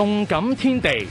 動感天地，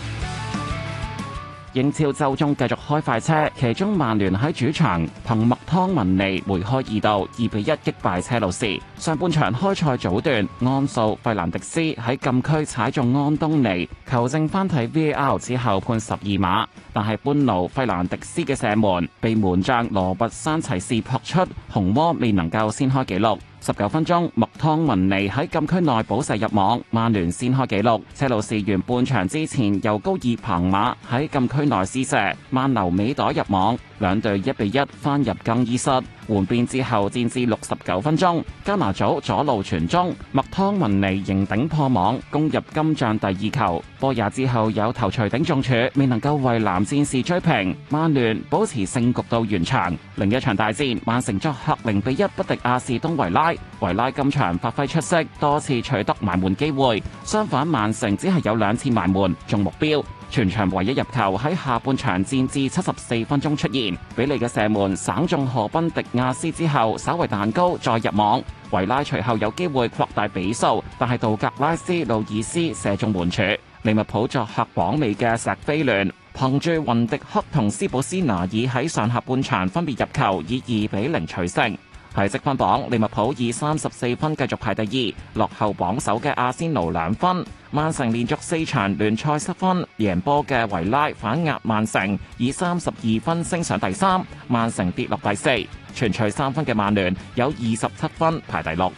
英超周中繼續開快車，其中曼聯喺主場憑麥湯文尼梅開二度，二比一擊敗車路士。上半場開賽早段，安素費蘭迪斯喺禁區踩中安東尼，球證翻睇 VAR 之後判十二碼，但係半路費蘭迪斯嘅射門被門將羅拔山齊士撲出，紅魔未能夠先開紀錄。十九分鐘，麥湯文尼喺禁區內補射入網，曼聯先開紀錄。車路士完半場之前，由高爾彭馬喺禁區內試射，曼留美朵入網。兩隊一比一返入更衣室換邊之後戰至六十九分鐘，加拿祖左路傳中，麥湯文尼迎頂破網攻入今仗第二球。波也之後有頭槌頂中柱，未能夠為藍戰士追平。曼聯保持勝局到完場。另一場大戰，曼城作客零比一不敵阿士東維拉，維拉今場發揮出色，多次取得埋門機會，相反曼城只係有兩次埋門中目標。全場唯一入球喺下半場戰至七十四分鐘出現，比利嘅射門省中何賓迪亞斯之後，稍為彈高再入網。維拉隨後有機會擴大比數，但係杜格拉斯路爾斯射中門柱。利物浦作客榜尾嘅錫菲聯，憑住雲迪克同斯普斯拿爾喺上下半場分別入球，以二比零取勝。係積分榜，利物浦以三十四分繼續排第二，落後榜首嘅阿仙奴兩分。曼城連續四場聯賽失分，贏波嘅維拉反壓曼城，以三十二分升上第三，曼城跌落第四，全取三分嘅曼聯有二十七分排第六。